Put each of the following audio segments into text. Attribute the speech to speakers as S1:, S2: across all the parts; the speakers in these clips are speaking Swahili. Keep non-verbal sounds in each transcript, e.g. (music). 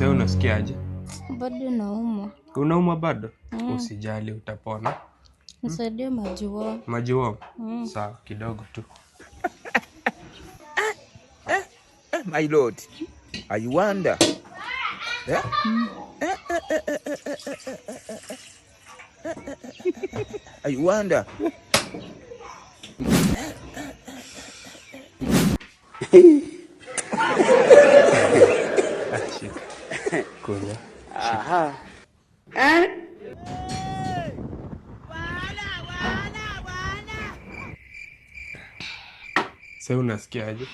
S1: sasa wewe unasikiaje?
S2: Bado naumwa.
S1: Unaumwa bado? Mm. Usijali, utapona.
S2: Nisaidie mm. majiwa.
S1: Majiwa? Mm. Sawa, kidogo tu. Eh, eh, my lord. I wonder. Eh? Mm. I wonder. (laughs) Ah, Kunya. Aha. Eh? Sasa unasikiaje?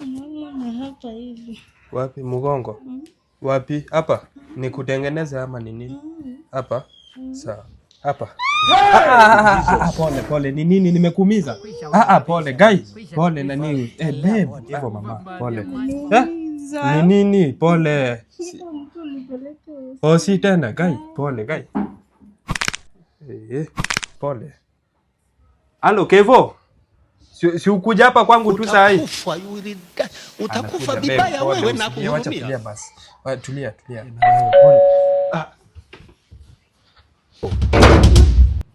S2: Mama hapa hivi.
S1: Wapi mugongo? Mm. Wapi? Hapa? Mm. Ni kutengeneza ama ni nini? Mm. Hapa? Mm. Sawa. Hapa. Ah, pole pole, ni nini nimekuumiza? Ah ah, pole guys. Pole na nini? Eh babe, hivyo mama. Pole. Eh? Ni nini? Pole. Oh, si tena Gai, pole Gai. Eh, pole. alo Kevo. Si, si ukuja hapa kwangu tu saa hii. Utakufa Utakufa vibaya wewe na Tulia, tulia. Ah.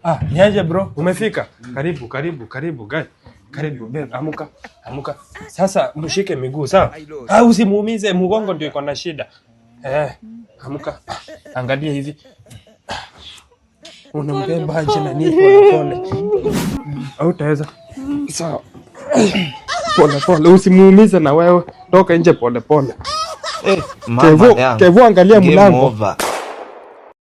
S1: Ah, niaje bro? Umefika? Mm. Karibu, karibu, karibu Gai. Karibu bebe, amuka, amuka. Sasa mshike miguu sawa? Au ah, usimuumize mgongo, ndio iko na shida. Eh, amuka. Angalia hivi. Unambeba aje na nini kwa pole? Au taweza? Sawa. Pole pole, usimuumize na wewe. Toka nje pole pole. Eh, mama yangu. angalia mlango.